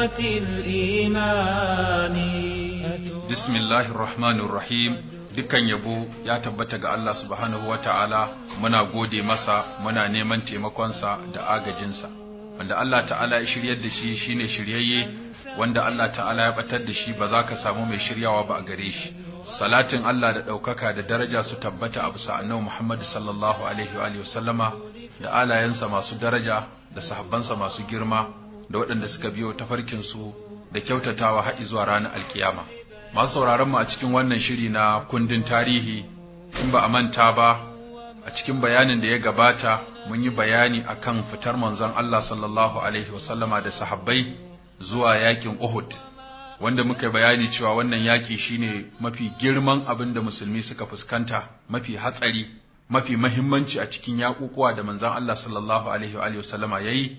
حلاوة الإيمان بسم الله الرحمن الرحيم dukkan yabo ya tabbata ga Allah subhanahu ta'ala muna gode masa muna neman taimakonsa da agajinsa wanda Allah ta'ala ya shiryar da shi shine shiryayye wanda Allah ta'ala ya batar da shi ba za ka samu mai shiryawa ba a gare shi salatin Allah da ɗaukaka da daraja su tabbata a bisa annabi Muhammad sallallahu alaihi wa da alayensa masu daraja da sahabbansa masu girma da waɗanda suka biyo tafarkin su da kyautatawa har zuwa ranar alkiyama masu sauraron mu a cikin wannan shiri na kundin tarihi in ba a manta ba a cikin bayanin da ya gabata mun yi bayani akan fitar manzon Allah sallallahu alaihi wasallama da sahabbai zuwa yakin Uhud wanda muka bayani cewa wannan yaki shine mafi girman abin da musulmi suka fuskanta mafi hatsari mafi mahimmanci a cikin yakukuwa da manzon Allah sallallahu alaihi wa alihi wasallama yayi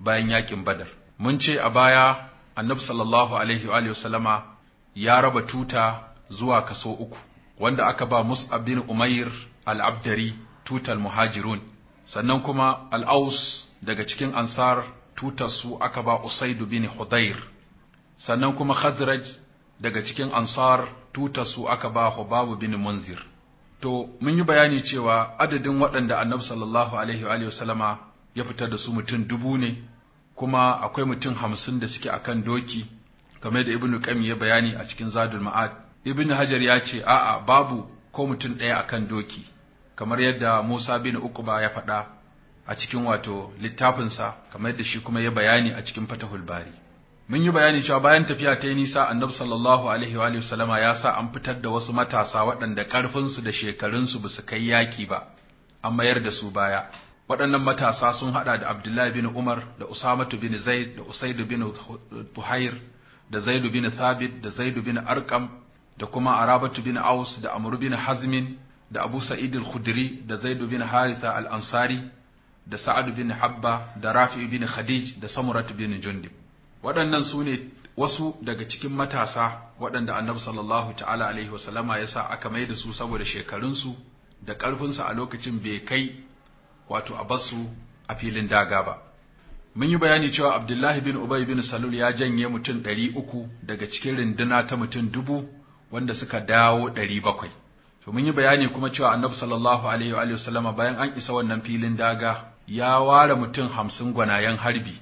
bayan yakin badar mun ce a baya annabi sallallahu alaihi wa sallama ya raba tuta zuwa kaso uku wanda aka ba mus'ab bin umair al-abdari tutal muhajirun sannan kuma al-aus daga cikin ansar tutar su aka ba usaidu bin hudayr sannan kuma khazraj daga cikin ansar tutar su aka ba hubabu bin munzir to mun yi bayani cewa adadin waɗanda annabi sallallahu alaihi wa sallama ya fitar da su mutum dubu ne kuma akwai mutum hamsin da suke akan doki kamar da ibnu qayyim ya bayani a cikin zadul ma'ad ibnu hajar ya ce a'a babu ko mutum ɗaya akan doki kamar yadda Musa bin Uqba ya faɗa a cikin wato littafinsa kamar yadda shi kuma ya bayani a cikin Fatahul Bari mun yi bayani cewa bayan tafiya ta yi nisa Annabi sallallahu alaihi wa alihi ya sa an fitar da wasu matasa waɗanda ƙarfinsu da shekarunsu ba su kai yaƙi ba an mayar da su baya waɗannan matasa sun haɗa da abdullahi bin umar da usamatu bin zaid da usaidu bin tuhair da zaidu bin thabit da zaidu bin arkam da kuma arabatu bin aus da amru bin hazmin da abu sa'id al-khudri da zaidu bin haritha al-ansari da Sa'adu bin habba da rafi bin khadij da Samuratu bin jundib waɗannan su ne wasu daga cikin matasa waɗanda annabi sallallahu ta'ala alaihi sallama ya sa aka mai da su saboda shekarunsu da ƙarfinsu a lokacin bai kai wato a basu a filin daga ba mun yi bayani cewa abdullahi bin ubay bin salul ya janye mutum ɗari uku daga cikin rinduna ta mutum dubu wanda suka dawo ɗari bakwai to mun yi bayani kuma cewa annabi sallallahu alaihi wa sallama bayan an isa wannan filin daga ya ware mutum hamsin gwanayen harbi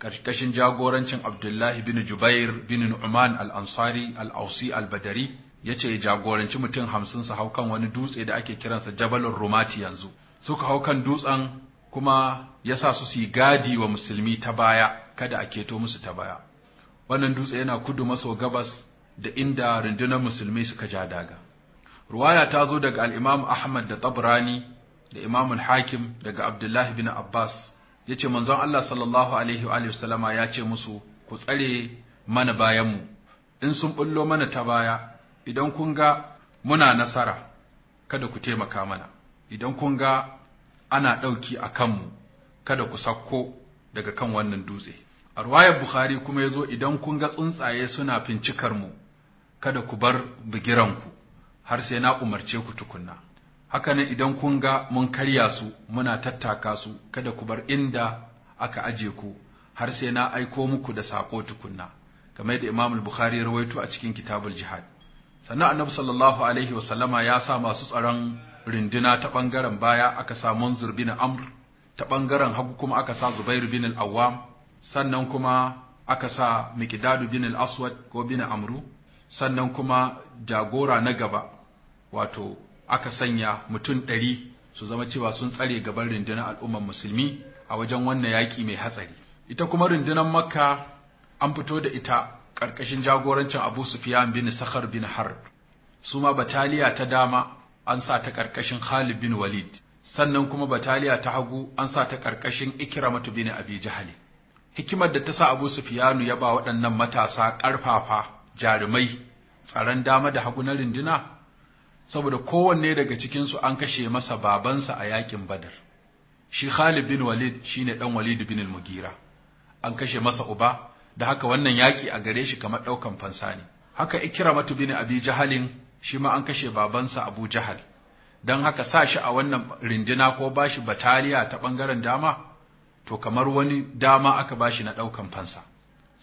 ƙarƙashin jagorancin abdullahi bin jubair bin nu'man al-ansari al-ausi al-badari ya ce jagoranci mutum hamsin su hau kan wani dutse da ake kiransa jabalin rumati yanzu suka hau kan dutsen kuma ya sa su yi gadi wa musulmi ta baya kada a keto musu ta baya wannan dutse yana kudu maso gabas da inda rundunar musulmi suka ja daga ruwaya ta zo daga alimam Ahmad da Tabrani da Imam hakim daga Abdullahi bin Abbas ya ce, manzon Allah sallallahu alaihi wa sallama ya ce musu ku tsare mana bayanmu in sun bullo mana ta baya idan kun ga muna nasara kada ku taimaka mana idan kun ga ana ɗauki a kanmu kada ku sakko daga kan wannan dutse a ruwayar bukhari kuma ya zo idan kun ga tsuntsaye suna fincikar mu kada ku bar bigiranku har sai na umarce ku tukunna haka nan idan kun ga mun karya su muna tattaka su kada ku bar inda aka aje ku har sai na aiko muku da sako tukunna kamar da Imam Bukhari ya rawaito a cikin Kitabul Jihad sannan Annabi sallallahu alaihi sallama ya sa masu tsaron runduna ta ɓangaren baya aka sa Munzur bin Amr, ta ɓangaren hagu kuma aka sa Zubair bin Al-Awwam, sannan kuma aka sa Mikidadu bin Al-Aswad ko bin Amru, sannan kuma jagora na gaba, wato aka sanya mutum ɗari su zama cewa sun tsare gaban rundunar al'ummar musulmi a wajen wannan yaƙi mai hatsari. Ita kuma rundunar Makka an fito da ita ƙarƙashin jagorancin Abu Sufyan bin Sakhar bin Harb. Su ma bataliya ta dama an sa ta ƙarƙashin Khalid bin Walid sannan kuma bataliya ta hagu an sa ta ƙarƙashin Ikramatu bin Abi Jahl hikimar da ta sa Abu Sufyanu ya ba waɗannan matasa ƙarfafa jarumai tsaron dama da hagu na rinduna saboda kowanne daga cikin su an kashe masa babansa a yakin Badar shi Khalid bin Walid shine dan Walid bin Mugira an kashe masa uba da haka wannan yaki a gare shi kamar ɗaukan fansa ne haka Ikramatu bin Abi Jahalin shi ma an kashe babansa Abu Jahal don haka sa shi a wannan rindina ko ba shi bataliya ta bangaren dama to kamar wani dama aka ba shi na ɗaukan fansa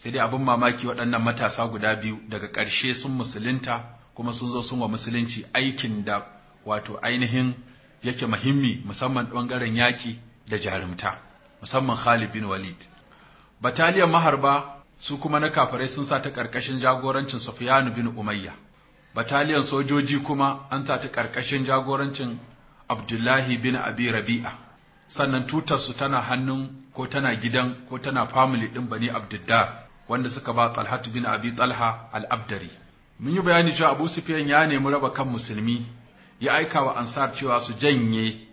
sai dai abin mamaki waɗannan matasa guda biyu daga ƙarshe sun musulunta kuma sun zo sun wa musulunci aikin da wato ainihin yake muhimmi musamman bangaren yaki da jarumta musamman Khalid bin Walid bataliyar maharba su kuma na kafirai sun sa ta ƙarƙashin jagorancin Sufyan bin Umayya bataliyan sojoji kuma an ta ta ƙarƙashin jagorancin abdullahi bin abi rabi'a sannan tutarsu tana hannun ko tana gidan ko tana famili ɗin bani abdiddar wanda suka ba talhatu bin abi talha abdari mun yi bayani cewa abu Sufyan ya nemi raba kan musulmi ya aika wa ansar cewa su janye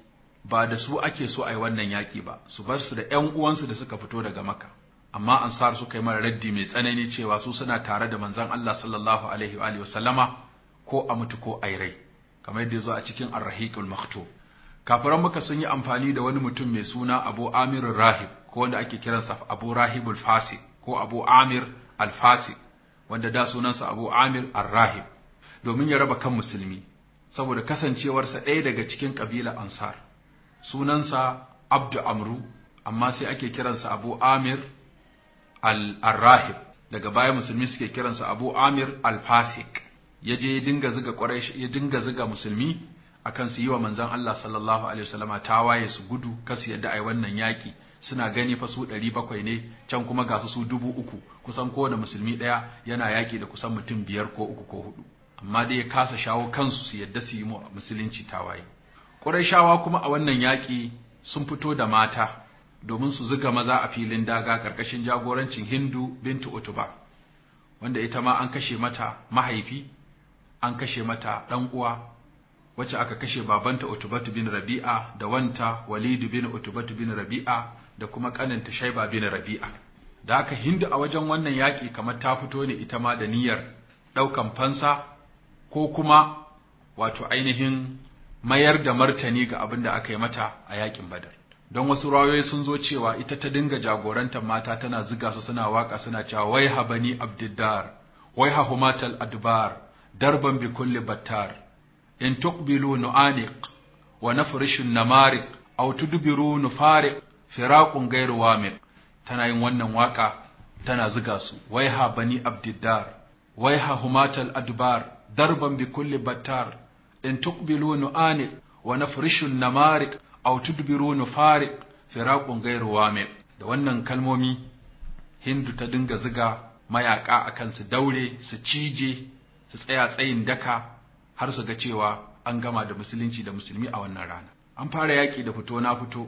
ba da su ake so a yi wannan yaƙi ba su bar su da ‘yan uwansu da suka fito daga maka amma ansar suka yi mara raddi mai tsanani cewa su suna tare da manzon Allah sallallahu alaihi wa sallama ko a mutu ko a yi rai kamar yadda zo a cikin arrahiqul maktub kafiran maka sun yi amfani da wani mutum mai suna abu amir rahib ko wanda ake kiransa abu rahibul fasid ko abu amir al wanda da sunansa abu amir arrahib domin ya raba kan musulmi saboda kasancewarsa ɗaya daga cikin ƙabilar ansar sunansa abdu amru amma sai ake kiransa abu amir al rahib daga baya musulmi suke kiransa abu amir al fasik ya je dinga ziga ya dinga ziga musulmi a kan su yi wa manzon Allah sallallahu alaihi wasallama tawaye su gudu kasu yadda yi wannan yaƙi. suna gani fa su bakwai ne can kuma ga su su uku. kusan ko da musulmi ɗaya yana yaƙi da kusan mutum biyar ko uku ko hudu amma dai ya kasa shawo kansu su yadda su yi mu musulunci tawaye shawa kuma a wannan yaƙi sun fito da mata domin su zuga maza a filin daga ƙarƙashin jagorancin Hindu bintu Utuba wanda ita ma an kashe mata mahaifi an kashe mata ɗan uwa wacce aka kashe babanta Utubatu bin Rabi'a da wanta Walidu bin Utubatu bin Rabi'a da kuma ƙaninta Shaiba bin Rabi'a. Da aka Hindu a wajen wannan yaƙi kamar ta fito ne ita ma da niyyar ɗaukan fansa ko kuma wato ainihin mayar da martani ga abin da aka yi mata a yaƙin Badar. Don wasu rawayoyi sun zo cewa ita ta dinga jagorantar mata tana ziga su suna waka, suna cewa wai habani abdiddar wai hahumatal adbar darban bi kulli battar in tuqbilu nu'aniq wa nafrishu namariq aw tudbiru nufariq firaqun gairu wamiq tana yin wannan waka tana ziga su ha bani abdiddar ha humatal adbar darban bi kulli battar in tuqbilu nu'aniq wa nafrishu namariq aw tudbiru nufariq firaqun gairu wamiq da wannan kalmomi hindu ta dinga ziga mayaka akan su daure su cije su tsaya tsayin daka har su ga cewa an gama da musulunci da musulmi a wannan rana an fara yaki da fito na fito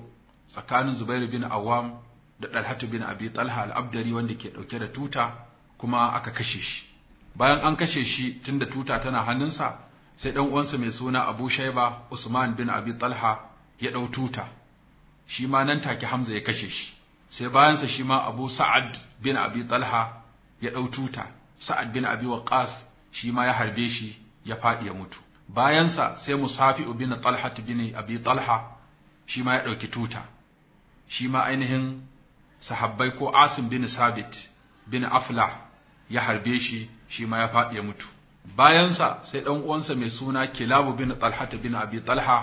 tsakanin Zubairu bin Awam da Dalhatu bin Abi Talha al-Abdari wanda ke dauke da tuta kuma aka kashe shi bayan an kashe shi tun da tuta tana hannunsa sai dan uwansa mai suna Abu Shaiba Usman bin Abi Talha ya dau tuta shi ma nan take Hamza ya kashe shi sai bayansa shi ma Abu Sa'ad bin Abi Talha ya dau tuta Sa'ad bin Abi Waqqas shi ma ya harbe shi ya faɗi ya mutu bayansa sai musafi bin talha bin abi talha shi ma ya ɗauki tuta shi ma ainihin sahabbai ko asim bin sabit bin Afla ya harbe shi shi ma ya faɗi ya mutu bayansa sai ɗan uwansa mai suna kilabu bin talha bin abi talha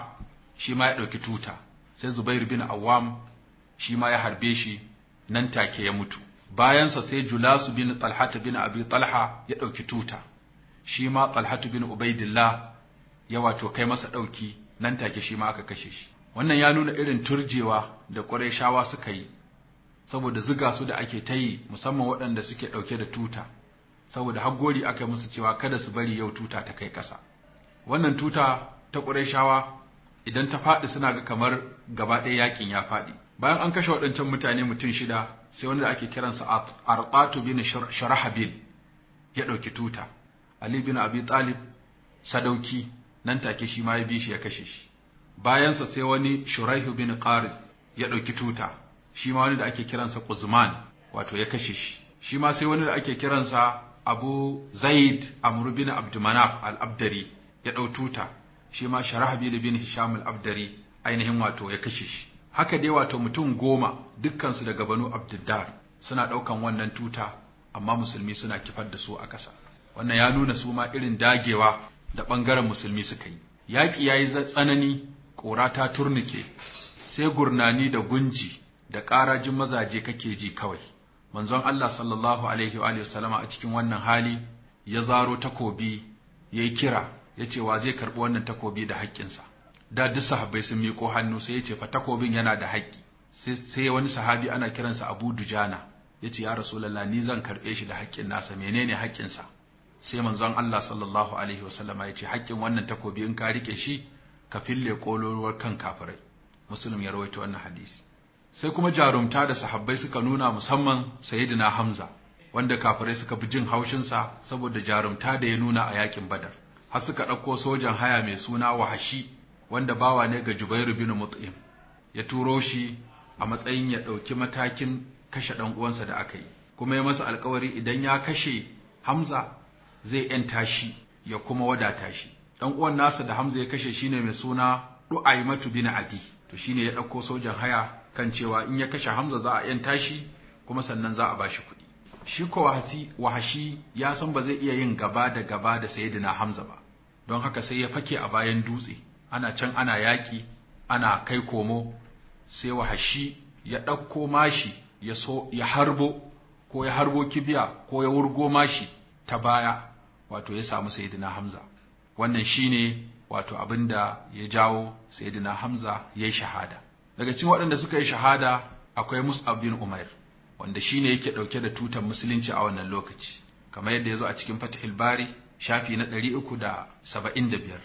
shi ma ya ɗauki tuta sai Zubairu bin awam shi ma ya harbe shi nan take ya mutu bayansa sai julasu bin talha bin abi talha ya ɗauki tuta shi ma Talhatu bin Ubaidillah ya wato kai masa ɗauki nan take shi ma aka kashe shi wannan ya nuna irin turjewa da Qurayshawa suka yi saboda ziga su da ake ta yi musamman waɗanda suke ɗauke da tuta saboda haggori aka musu cewa kada su bari yau tuta ta kai ƙasa wannan tuta ta Qurayshawa idan ta faɗi suna ga kamar gaba ɗaya yakin ya faɗi bayan an kashe waɗancan mutane mutum shida sai wanda ake kiransa Arqatu bin Sharahabil ya ɗauki tuta Ali bin Abi Talib sadauki nan take shi ma ya bi shi ya kashe shi bayansa sai wani Shuraihu bin Qarid ya ɗauki tuta shi ma wani da ake kiransa Quzman wato ya kashe shi shi ma sai wani da ake kiransa Abu Zaid Amr bin Abdulmanaf al-Abdari ya ɗau tuta shi ma Sharahabil bin Hisham al-Abdari ainihin wato ya kashe shi haka dai wato mutum goma dukkansu daga Banu Abdiddar suna ɗaukan wannan tuta amma musulmi suna kifar da su a ƙasa wannan ya nuna su ma irin dagewa da ɓangaren musulmi suka yi yaƙi ya yi tsanani ƙora ta turnike sai gurnani da gunji da ƙarajin mazaje kake ji kawai manzon Allah sallallahu alaihi wa sallama a cikin wannan hali ya zaro takobi ya yi kira ya ce wa zai karɓi wannan takobi da haƙƙinsa da duk sahabbai sun miƙo hannu sai ya ce fa takobin yana da haƙƙi sai wani sahabi ana kiransa Abu Dujana ya ce ya Rasulallah ni zan karɓe shi da haƙƙin nasa menene haƙƙinsa sai manzon Allah sallallahu alaihi wasallama ya ce haƙƙin wannan takobi in ka rike shi ka fille kololuwar kan kafirai muslim ya rawaito wannan hadisi sai kuma jarumta da sahabbai suka nuna musamman sayyidina hamza wanda kafirai suka bi jin haushin sa saboda jarumta da ya nuna a yakin badar har suka ɗauko sojan haya mai suna wahashi wanda bawa ne ga jubairu bin mut'im ya turo shi a matsayin ya ɗauki matakin kashe ɗan uwansa da aka yi kuma ya masa alkawari idan ya kashe hamza zai ‘yanta shi ya kuma wadata shi ɗan uwan nasa da hamza ya kashe shine mai suna matu bin adi to shine ya ɗauko sojan haya kan cewa in ya kashe hamza za a ‘yanta shi kuma sannan za a ba shi kuɗi shi ko wahashi ya san ba zai iya yin gaba da gaba da na hamza ba don haka sai ya fake a bayan dutse ana can ana yaƙi ana kai komo sai wahashi ya ɗauko mashi ya so ya harbo ko ya harbo kibiya ko ya wurgo mashi ta baya wato ya samu sayyidina Hamza wannan shine wato abin da ya jawo sayyidina Hamza ya yi shahada daga cikin waɗanda suka yi shahada akwai Mus'ab bin Umair wanda shine yake ɗauke da tutan musulunci a wannan lokaci kamar yadda ya zo a cikin Fathul Bari shafi na 375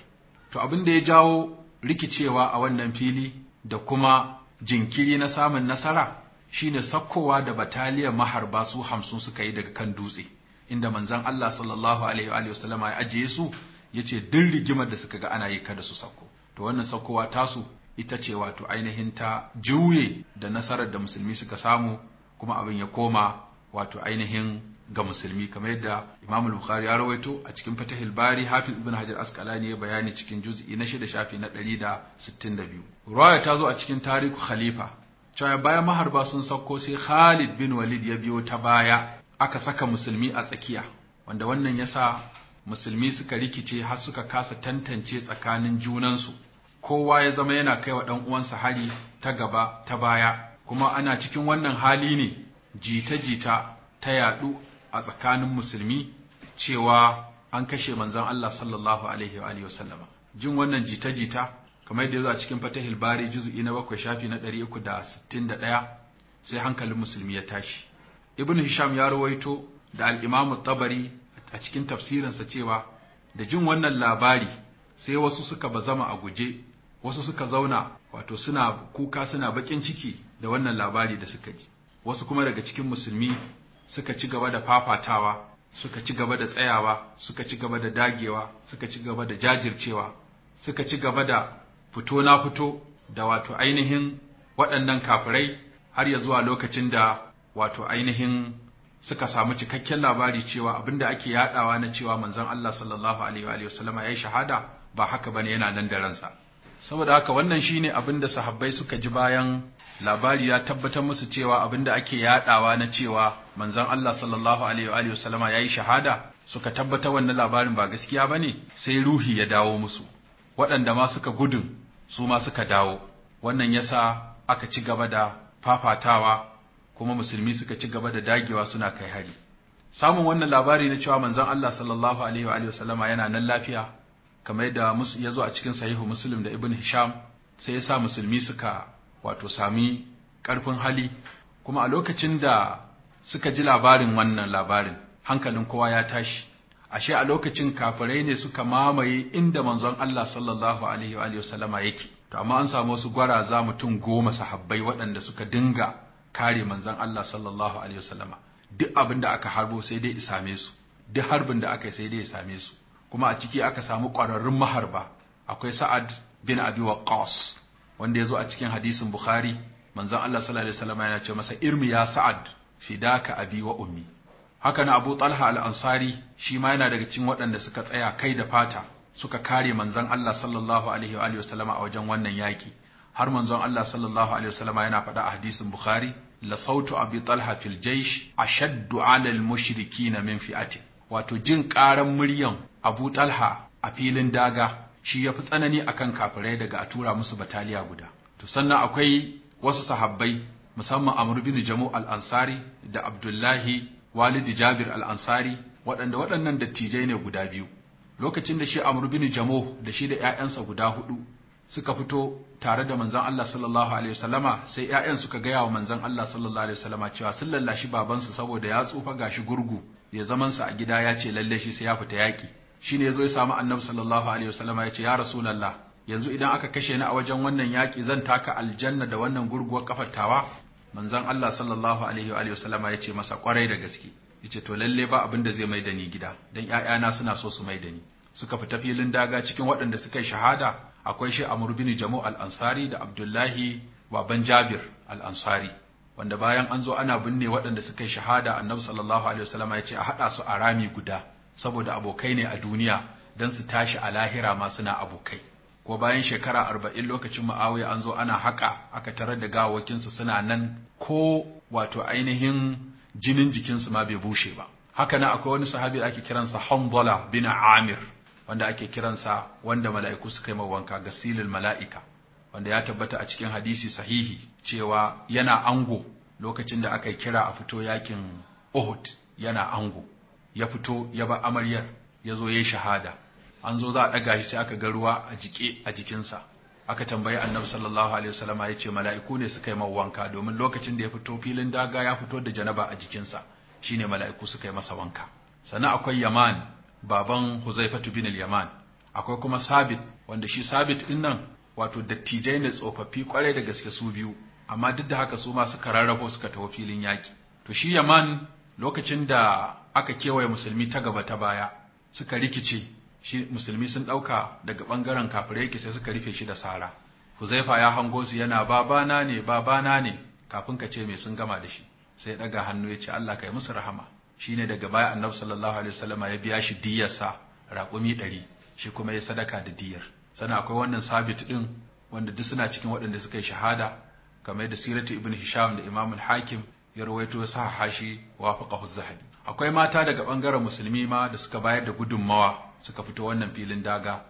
to abin da ya jawo rikicewa a wannan fili da kuma jinkiri na samun nasara shine sakkowa da bataliyar maharba su hamsin suka yi daga kan dutse inda manzon Allah sallallahu alaihi wa sallama ya ajiye su ya ce, duk rigimar da suka ga ana yi kada su sauko. to wannan saukowa tasu ita ce wato ainihin ta juye da nasarar da musulmi suka samu kuma abin ya koma wato ainihin ga musulmi kamar yadda Imam Bukhari ya rawaito a cikin Fathul Bari Hafiz ibn Hajar Asqalani ya bayani cikin juz'i na shida shafi na 162 riwaya ta zo a cikin tarihu khalifa cewa bayan maharba sun sauko sai Khalid bin Walid ya biyo ta baya aka saka musulmi a tsakiya wanda wannan ya sa musulmi suka rikice har suka kasa tantance tsakanin junansu kowa ya zama yana kaiwa ɗan uwansa hari ta gaba ta baya kuma ana cikin wannan hali ne jita-jita ta yaɗu a tsakanin musulmi cewa an kashe manzon Allah sallallahu alaihi wa alihi jin wannan jita-jita kamar yadda a cikin Fatahil Bari juz'i na bakwai shafi na 361 sai hankalin musulmi ya tashi ibn hisham ya rawaito da al-imam tabari a cikin tafsirinsa cewa da jin wannan labari sai wasu suka bazama a guje wasu suka zauna wato suna kuka suna bakin ciki da wannan labari da suka ji wasu kuma daga cikin musulmi suka ci gaba da fafatawa suka ci gaba da tsayawa suka ci gaba da dagewa suka ci gaba da jajircewa suka ci gaba da fito na fito da wato ainihin waɗannan kafirai har ya zuwa lokacin da wato ainihin suka samu cikakken labari cewa abin da ake yadawa na cewa manzon Allah sallallahu alaihi wa sallama yi shahada ba haka bane yana nan da ransa saboda haka wannan shine abin da sahabbai suka ji bayan labari ya tabbatar musu cewa abin da ake yadawa na cewa manzon Allah sallallahu alaihi wa sallama yi shahada suka tabbata wannan labarin ba gaskiya bane sai ruhi ya dawo musu waɗanda ma suka gudun su ma suka dawo wannan yasa aka ci gaba da fafatawa kuma musulmi suka ci gaba da dagewa suna kai hari samun wannan labari na cewa manzon Allah sallallahu alaihi wa sallama yana nan lafiya kamar da ya zo a cikin sahihu muslim da ibn hisham sai ya sa musulmi suka wato sami ƙarfin hali kuma a lokacin da suka ji labarin wannan labarin hankalin kowa ya tashi ashe a lokacin kafirai ne suka mamaye inda manzon Allah sallallahu alaihi wa sallama yake to amma an samu wasu gwaraza mutum goma sahabbai waɗanda suka dinga kare manzon Allah sallallahu alaihi wasallama duk abin da aka harbo sai dai isame su duk harbin da aka sai dai isame su kuma a ciki aka samu kwararrun maharba akwai Sa'ad bin Abi Waqqas wanda yazo a cikin hadisin Bukhari manzon Allah sallallahu alaihi wasallama yana ce masa irmi ya Sa'ad fidaka abi wa ummi haka na Abu Talha al-Ansari shi ma yana daga cikin waɗanda suka tsaya kai da fata suka kare manzon Allah sallallahu alaihi wa sallama a wajen wannan yaki har manzon Allah sallallahu alaihi wasallama yana faɗa a hadisin Bukhari la sautu abi talha fil jaish ashaddu ala al mushrikina min fi'ati wato jin ƙarar muryan abu talha a filin daga shi ya fi tsanani akan kafirai daga a tura musu bataliya guda to sannan akwai wasu sahabbai musamman Amr bin Jamu al-Ansari da Abdullahi walidi Jabir al-Ansari waɗanda waɗannan dattijai ne guda biyu lokacin da shi Amr bin Jamu da shi da ƴaƴansa guda hudu suka fito tare da manzon Allah sallallahu alaihi wasallama sai ƴaƴan suka gaya wa manzon Allah sallallahu alaihi wasallama cewa sun lallashi babansu saboda ya tsufa gashi gurgu ya zaman sa a gida ya ce lalle shi sai ya fita yaki shine yazo ya samu annabi sallallahu alaihi wasallama ya ce ya rasulullah yanzu idan aka kashe ni a wajen wannan yaki zan taka aljanna da wannan gurguwar tawa? manzon Allah sallallahu alaihi wa wasallama ya ce masa kwarai da gaske yace to lalle ba abin da zai mai da ni gida dan ƴaƴana suna so su mai da ni suka fita filin daga cikin waɗanda suka yi shahada akwai shi Amr bin Jamu al-Ansari da Abdullahi baban Jabir al-Ansari wanda bayan an zo ana binne waɗanda suka yi shahada Annabi sallallahu alaihi wasallam ya ce a haɗa su a rami guda saboda abokai ne a duniya dan su tashi a lahira ma suna abokai ko bayan shekara arba'in lokacin Muawiya an zo ana haka aka tarar da gawakinsu suna nan ko wato ainihin jinin jikinsu ma bai bushe ba haka na akwai wani sahabi da ake kiransa Hanzala bin Amir wanda ake kiransa wanda mala'iku suka yi wanka ga silin mala'ika wanda ya tabbata a cikin hadisi sahihi cewa yana ango lokacin da aka kira a fito yakin Uhud yana ango ya fito ya ba amaryar ya zo ya shahada an zo za a ɗaga shi sai aka ga ruwa a jike a jikinsa aka tambayi annabi sallallahu alaihi wasallam ya ce mala'iku ne suka yi wanka domin lokacin da ya fito filin daga ya fito da janaba a jikinsa shine mala'iku suka yi masa wanka sannan akwai yaman baban Huzaifatu bin al-Yaman akwai kuma Sabit wanda shi Sabit din nan wato dattijai ne tsofaffi kwarai da gaske su biyu amma duk da haka su ma suka rarrafo suka tawo filin yaki to shi Yaman lokacin da aka kewaye musulmi ta gaba ta baya suka rikice shi musulmi sun dauka daga bangaren kafirai yake sai suka rufe shi da sara Huzaifa ya hango su yana babana ne babana ne kafin ka ce me sun gama da shi sai ya daga hannu ya ce Allah kai musu rahama Shi ne daga baya annabi sallallahu alaihi wasallam ya biya shi diyarsa raƙumi ɗari shi kuma ya sadaka da diyar sannan akwai wannan sabit din, wanda duk suna cikin waɗanda suka yi shahada kamar da siratu ibn hisham da imam al-hakim ya rawaito ya sahaha shi wafaqahu zahabi akwai mata daga bangaren musulmi ma da suka bayar da gudunmawa suka fito wannan filin daga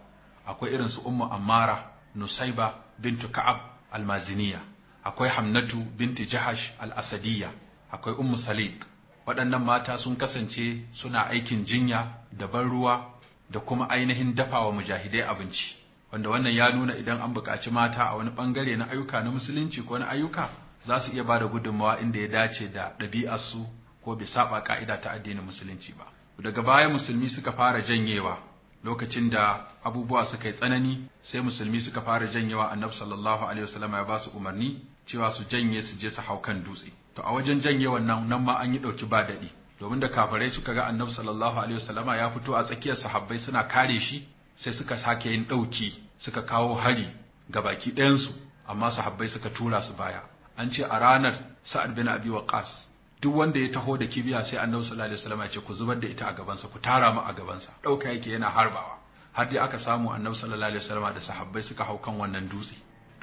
akwai irin su ummu ammara nusaiba bintu ka'ab al almaziniya akwai hamnatu binti jahash al-asadiyya akwai ummu Salid. waɗannan mata sun kasance suna aikin jinya da ban ruwa da kuma ainihin dafa wa mujahidai abinci wanda wannan ya nuna idan an buƙaci mata a wani ɓangare na ayyuka na musulunci ko na ayyuka za su iya ba da gudunmawa inda ya dace da ɗabi'arsu ko bai saba ƙa'ida ta addinin musulunci ba daga baya musulmi suka fara janyewa lokacin da abubuwa suka yi tsanani sai musulmi suka fara janyewa annabi sallallahu alaihi wasallam ya ba su umarni cewa su janye su je su hau kan dutse to a wajen janye wannan nan ma an yi ɗauki ba daɗi domin da kafarai suka ga annabi sallallahu alaihi wasallama ya fito a tsakiyar sahabbai suna kare shi sai suka sake yin ɗauki suka kawo hari ga baki ɗayansu amma sahabbai suka tura su baya an ce a ranar sa'ad bin abi waqas duk wanda ya taho da kibiya sai annabi sallallahu alaihi wasallama ya ce ku zubar da ita a gabansa ku tara mu a gabansa ɗauka yake yana harbawa har dai aka samu annabi sallallahu alaihi wasallama da sahabbai suka hau kan wannan dutse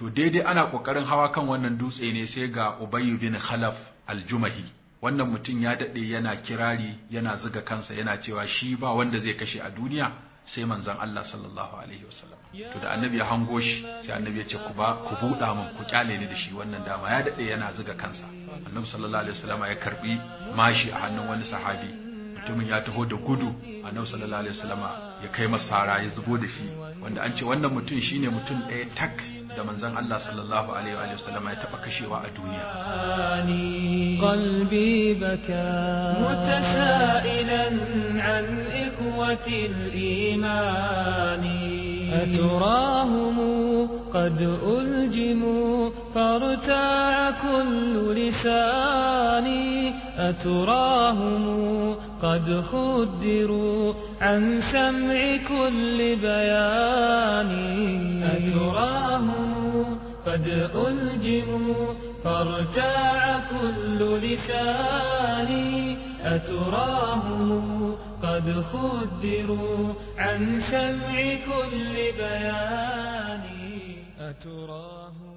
to daidai ana kokarin hawa kan wannan dutse ne sai ga Ubay bin Khalaf al-Jumahi wannan mutum ya dade yana kirari yana zuga kansa yana cewa shi ba wanda zai kashe a duniya sai manzon Allah sallallahu alaihi wasallam to da annabi ya hango shi sai annabi ya ce ku ba ku buɗa min ku kyale ni da shi wannan dama ya dade yana zuga kansa annabi sallallahu alaihi wasallam ya karbi mashi a hannun wani sahabi mutumin ya taho da gudu annabi sallallahu alaihi wasallam ya kai masara, ya zubo da shi wanda an ce wannan mutum shine mutum ɗaya tak da manzon Allah sallallahu alaihi wa sallama ya taba kashewa a duniya qalbi baka mutasailan an ikhwati al-iman aturahum qad uljimu فارتاع كل لساني أتراهم قد خدروا عن سمع كل بيان أتراهم قد ألجموا فارتاع كل لساني أتراهم قد خدروا عن سمع كل بيان أتراهم